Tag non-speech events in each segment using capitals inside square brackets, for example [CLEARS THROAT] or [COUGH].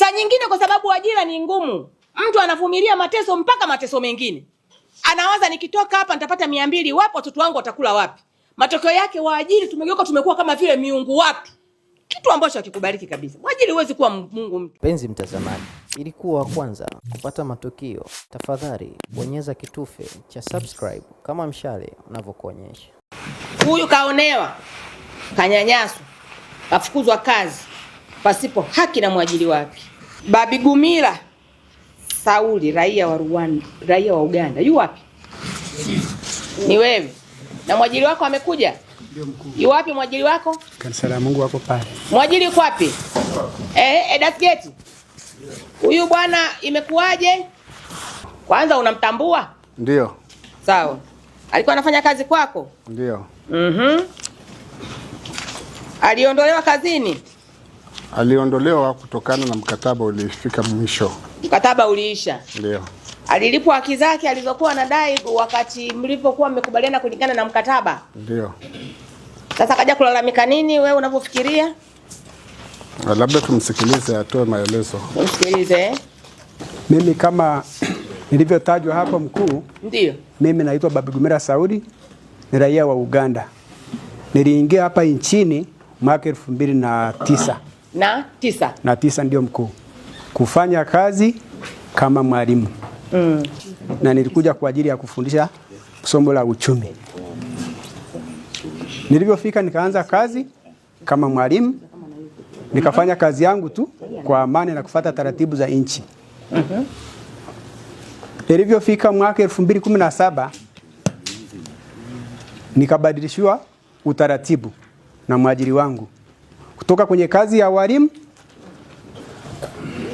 Saa nyingine kwa sababu ajira ni ngumu, mtu anavumilia mateso mpaka mateso mengine, anawaza nikitoka hapa nitapata mia mbili, wapi watoto wangu watakula wapi? Matokeo yake waajiri tumegeuka, tumekuwa kama vile miungu wapi kitu ambacho hakikubaliki kabisa. Mwajiri huwezi kuwa mungu mtu. Penzi mtazamaji, ili kuwa wa kwanza kupata matukio, tafadhali bonyeza kitufe cha subscribe kama mshale unavyokuonyesha. Huyu kaonewa, kanyanyaswa, kafukuzwa kazi pasipo haki na mwajiri wake. Babi Sauli, raia wa Rwanda, raia wa Uganda, yu wapi? Ni wewe na mwajili wako amekuja? Yu wapi mwajili wako? Kanisa la Mungu wako pale. Mwajili yuko wapi? Eh, eh, that's get. Huyu bwana imekuwaje? Kwanza unamtambua? Ndio. Sawa. Alikuwa anafanya kazi kwako? Ndio. Mhm. Mm, aliondolewa kazini? aliondolewa kutokana na mkataba ulifika mwisho. Mkataba uliisha, ndio alilipwa haki zake alizokuwa anadai wakati mlipokuwa mmekubaliana kulingana na mkataba. Ndio sasa kaja kulalamika nini? Wewe unavyofikiria, ah, labda tumsikilize atoe maelezo. Tumsikilize. Eh? Mimi kama [CLEARS THROAT] nilivyotajwa hapo mkuu, ndio mimi naitwa Babigumera Saudi, ni raia wa Uganda. Niliingia hapa nchini mwaka elfu mbili na tisa na tisa, na tisa ndio mkuu kufanya kazi kama mwalimu mm. na nilikuja kwa ajili ya kufundisha somo la uchumi. Nilivyofika nikaanza kazi kama mwalimu, nikafanya kazi yangu tu kwa amani na kufata taratibu za nchi mm -hmm. mwaka elfu mbili kumi na saba nikabadilishiwa utaratibu na mwajiri wangu kutoka kwenye kazi ya walimu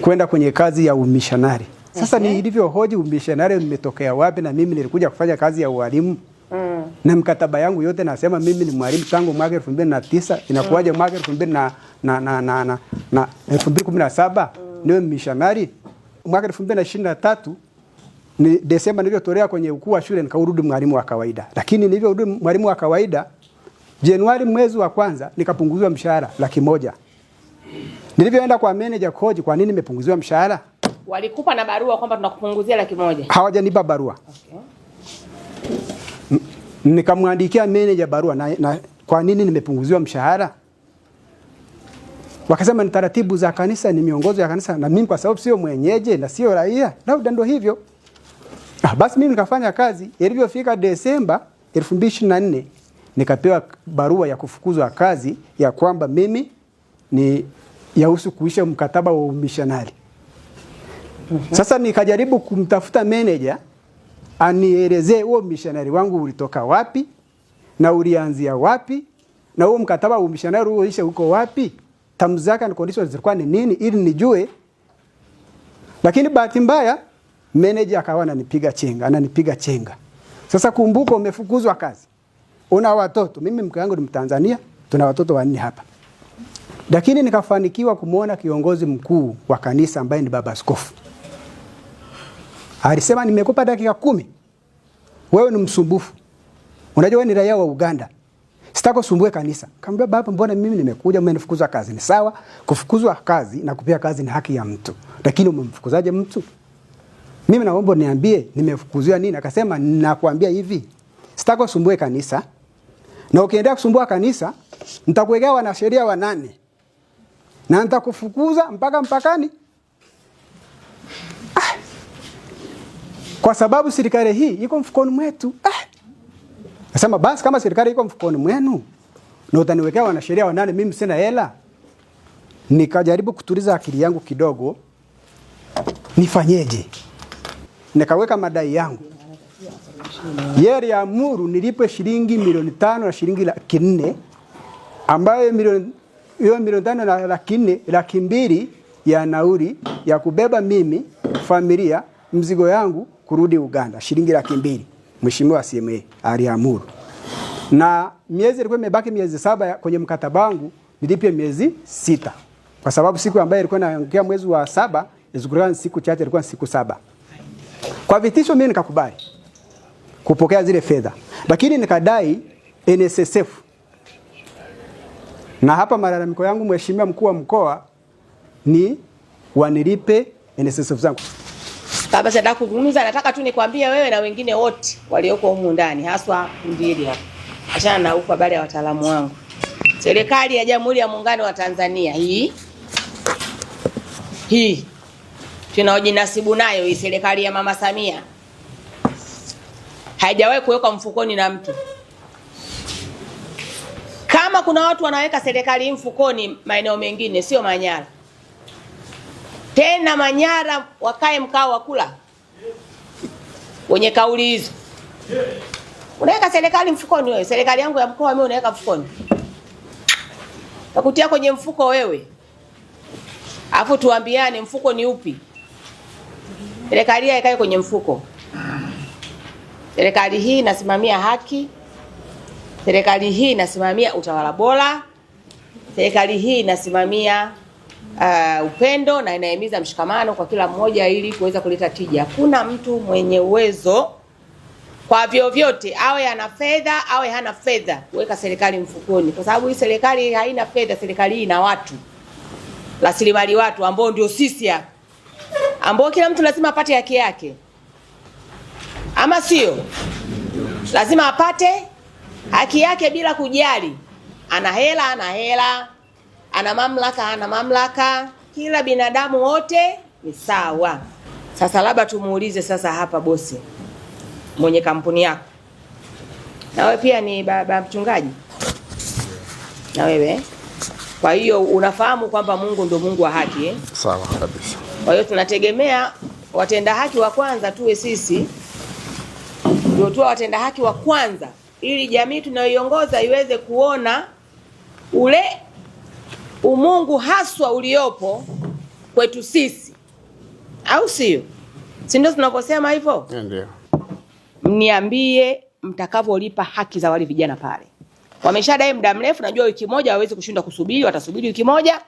kwenda kwenye kazi ya umishonari. Sasa ni ilivyo hoji umishonari umetokea wapi? Na mimi nilikuja kufanya kazi ya ualimu mm. na mkataba yangu yote nasema mimi ni mwalimu tangu mwaka elfu mbili na tisa inakuwaje mwaka elfu mbili na na na na na, na elfu mbili kumi na saba mm. niwe mishonari mwaka elfu mbili na ishirini na tatu ni Desemba nilivyotolea kwenye ukuu wa shule nikaurudi mwalimu wa kawaida, lakini nilivyorudi mwalimu wa kawaida Januari mwezi wa kwanza nikapunguzwa mshahara laki moja. Nilivyoenda kwa manager Koji, kwa nini nimepunguziwa mshahara? Walikupa na barua kwamba tunakupunguzia laki moja. Hawajanipa barua. Okay. Nikamwandikia manager barua na, na kwa nini nimepunguziwa mshahara? Wakasema ni taratibu za kanisa, ni miongozo ya kanisa, na mimi kwa sababu sio mwenyeji na sio raia, labda ndio hivyo. Ah, basi mimi nikafanya kazi. Ilivyofika Desemba 2024 nikapewa barua ya kufukuzwa kazi ya kwamba mimi ni yahusu kuisha mkataba wa umishonari. Sasa nikajaribu kumtafuta meneja anielezee huo mishonari wangu ulitoka wapi na ulianzia wapi na huo mkataba wa umishonari uisha huko wapi, terms zake and conditions zilikuwa ni nini, ili nijue. Lakini bahati mbaya meneja akawa ananipiga chenga, ananipiga chenga. Sasa kumbuka, umefukuzwa kazi una watoto. Mimi mke wangu ni Mtanzania, tuna watoto wanne hapa, lakini nikafanikiwa kumwona kiongozi mkuu wa kanisa ambaye ni baba askofu. Alisema, nimekupa dakika kumi, wewe ni msumbufu, unajua wewe ni raia wa Uganda Sitako sumbue kanisa. Kaambia baba, mbona mimi nimekuja, mmenifukuza kazi. Ni sawa, kufukuzwa kazi na kupewa kazi ni haki ya mtu. Lakini umemfukuzaje mtu? Mimi naomba niambie nimefukuzwa nini? Akasema nakwambia hivi. Sitako sumbue kanisa na ukiendelea kusumbua kanisa nitakuwekea wanasheria wanane na nitakufukuza mpaka mpakani. Ah, kwa sababu serikali hii iko mfukoni mwetu. Ah, nasema basi, kama serikali iko mfukoni mwenu na utaniwekea wanasheria wanane, mimi sina hela. Nikajaribu kutuliza akili yangu kidogo, nifanyeje? Nikaweka madai yangu. Yeri ya Muru nilipwe shilingi milioni tano na shilingi laki nne ambayo milioni hiyo milioni tano na laki nne laki mbili ya nauli ya kubeba mimi familia mzigo yangu kurudi Uganda shilingi laki mbili Mheshimiwa CMA aliamuru. Na miezi ilikuwa imebaki miezi saba ya, kwenye mkataba wangu nilipie miezi sita. Kwa sababu siku ambayo ilikuwa inaongea mwezi wa saba, ilikuwa siku chache, ilikuwa siku saba. Kwa vitisho mimi nikakubali kupokea zile fedha, lakini nikadai NSSF. Na hapa malalamiko yangu, mheshimiwa mkuu wa mkoa, ni wanilipe NSSF zangu. Baba sada kuzungumza, nataka tu nikwambie wewe na wengine wote walioko humu ndani, haswa ndili hapa, achana na huko habari ya wataalamu wangu. Serikali ya Jamhuri ya Muungano wa Tanzania hii hii tunaojinasibu nayo hii serikali ya Mama Samia haijawahi kuwekwa mfukoni na mtu. Kama kuna watu wanaweka serikali mfukoni maeneo mengine, sio Manyara tena. Manyara wakae mkao wa kula wenye kauli hizo. Unaweka serikali mfukoni wewe? Serikali yangu ya mkoa mimi unaweka mfukoni? Takutia kwenye mfuko wewe, alafu tuambiane mfuko ni upi? Serikali ikae kwenye mfuko. Serikali hii inasimamia haki, serikali hii inasimamia utawala bora, serikali hii inasimamia uh, upendo na inahimiza mshikamano kwa kila mmoja ili kuweza kuleta tija. Kuna mtu mwenye uwezo kwa vyovyote, awe ana fedha awe hana fedha, kuweka serikali mfukoni, kwa sababu hii serikali haina fedha. Serikali hii ina watu, rasilimali watu, ambao ndio sisi hapa, ambao kila mtu lazima apate haki yake ama sio? Lazima apate haki yake bila kujali ana hela ana hela, ana mamlaka ana mamlaka. Kila binadamu wote ni sawa. Sasa labda tumuulize sasa hapa bosi mwenye kampuni yako, nawe pia ni baba mchungaji na wewe, kwa hiyo unafahamu kwamba Mungu ndio Mungu wa haki eh? Sawa kabisa. Kwa hiyo tunategemea watenda haki wa kwanza tuwe sisi ndio tuwa watenda haki wa kwanza, ili jamii tunayoiongoza iweze kuona ule umungu haswa uliopo kwetu sisi, au sio? Si ndio tunavyosema hivyo? Eh, ndio. Mniambie mtakavyolipa haki za wale vijana pale, wameshadai muda mrefu. Najua wiki moja hawawezi kushinda kusubiri, watasubiri wiki moja,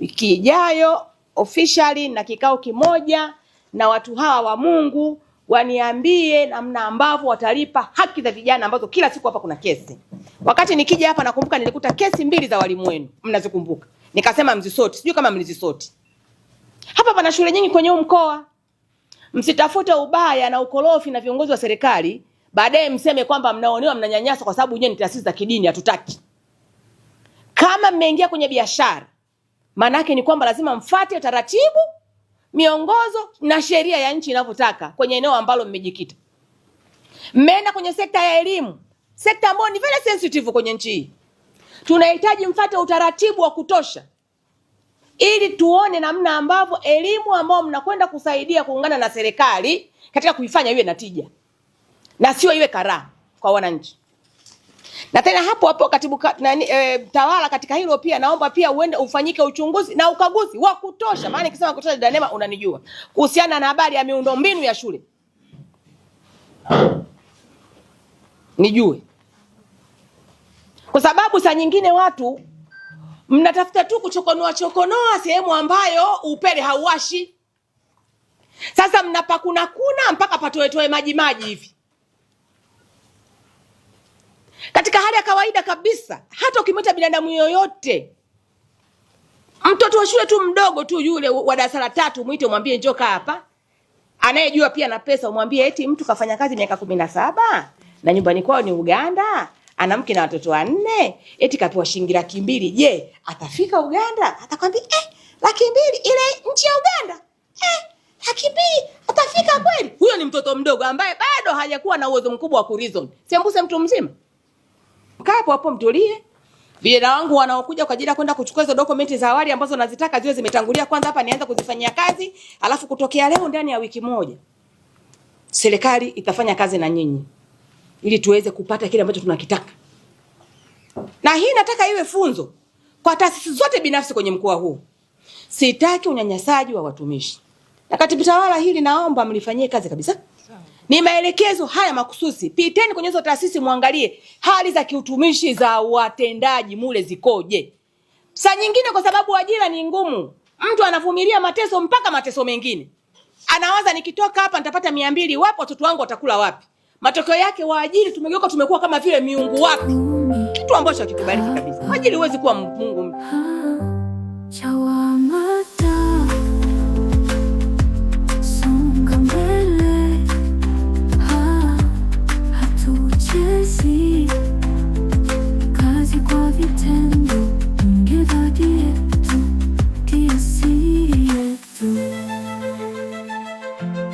wiki ijayo officially na kikao kimoja na watu hawa wa Mungu waniambie namna ambavyo watalipa haki za vijana ambazo kila siku hapa kuna kesi. Wakati nikija hapa nakumbuka nilikuta kesi mbili za walimu wenu, mnazikumbuka? Nikasema mzisoti, sijui kama mlizisoti. Hapa pana shule nyingi kwenye huu mkoa. Msitafute ubaya na ukorofi na viongozi wa serikali, baadaye mseme kwamba mnaonewa, mnanyanyaswa kwa sababu nyewe ni taasisi za kidini. Hatutaki. Kama mmeingia kwenye biashara, maanake ni kwamba lazima mfate taratibu miongozo na sheria ya nchi inavyotaka kwenye eneo ambalo mmejikita. Mmeenda kwenye sekta ya elimu, sekta ambayo ni very sensitive kwenye nchi hii. Tunahitaji mfate utaratibu wa kutosha ili tuone namna ambavyo elimu ambayo mnakwenda kusaidia kuungana na serikali katika kuifanya iwe na tija na sio iwe karaa kwa wananchi. Na tena hapo hapo katibu ka, nani, e, eh, tawala katika hilo pia naomba pia uende ufanyike uchunguzi na ukaguzi wa kutosha, maana nikisema kutosha Danema unanijua, kuhusiana na habari ya miundombinu ya shule nijue, kwa sababu saa nyingine watu mnatafuta tu kuchokonoa chokonoa sehemu ambayo upele hauwashi. Sasa kuna mpaka patoetoe maji maji hivi katika hali ya kawaida kabisa, hata ukimwita binadamu yoyote, mtoto wa shule tu mdogo tu yule wa darasa la tatu, mwite umwambie njoka hapa, anayejua pia na pesa, umwambie eti mtu kafanya kazi miaka kumi na saba na nyumbani kwao ni Uganda, ana mke na watoto wanne, eti kapewa shilingi laki mbili. Je, atafika Uganda? Atakwambia eh, laki mbili ile nchi ya Uganda eh, laki mbili atafika kweli? Huyo ni mtoto mdogo ambaye bado hajakuwa na uwezo mkubwa wa kurizon, sembuse mtu mzima hapo hapo mtulie. Vijana wangu wanaokuja kwa ajili ya kwenda kuchukua hizo dokumenti za awali ambazo nazitaka ziwe zimetangulia kwanza hapa nianze kuzifanyia kazi, alafu kutokea leo ndani ya wiki moja serikali itafanya kazi na nyinyi ili tuweze kupata kile ambacho tunakitaka. Na hii nataka iwe funzo kwa taasisi zote binafsi kwenye mkoa huu. Sitaki unyanyasaji wa watumishi. Na katibu tawala hili naomba mlifanyie kazi kabisa. Ni maelekezo haya makususi. Piteni kwenye hizo taasisi mwangalie hali za kiutumishi za watendaji mule zikoje. sa nyingine kwa sababu ajira ni ngumu, mtu anavumilia mateso mpaka mateso mengine. Anawaza nikitoka hapa nitapata mia mbili wapi, watoto wangu watakula wapi? Matokeo yake waajiri tumegeuka, tumekuwa kama vile miungu wapi, kitu ambacho hakikubaliki kabisa. Waajiri huwezi kuwa Mungu.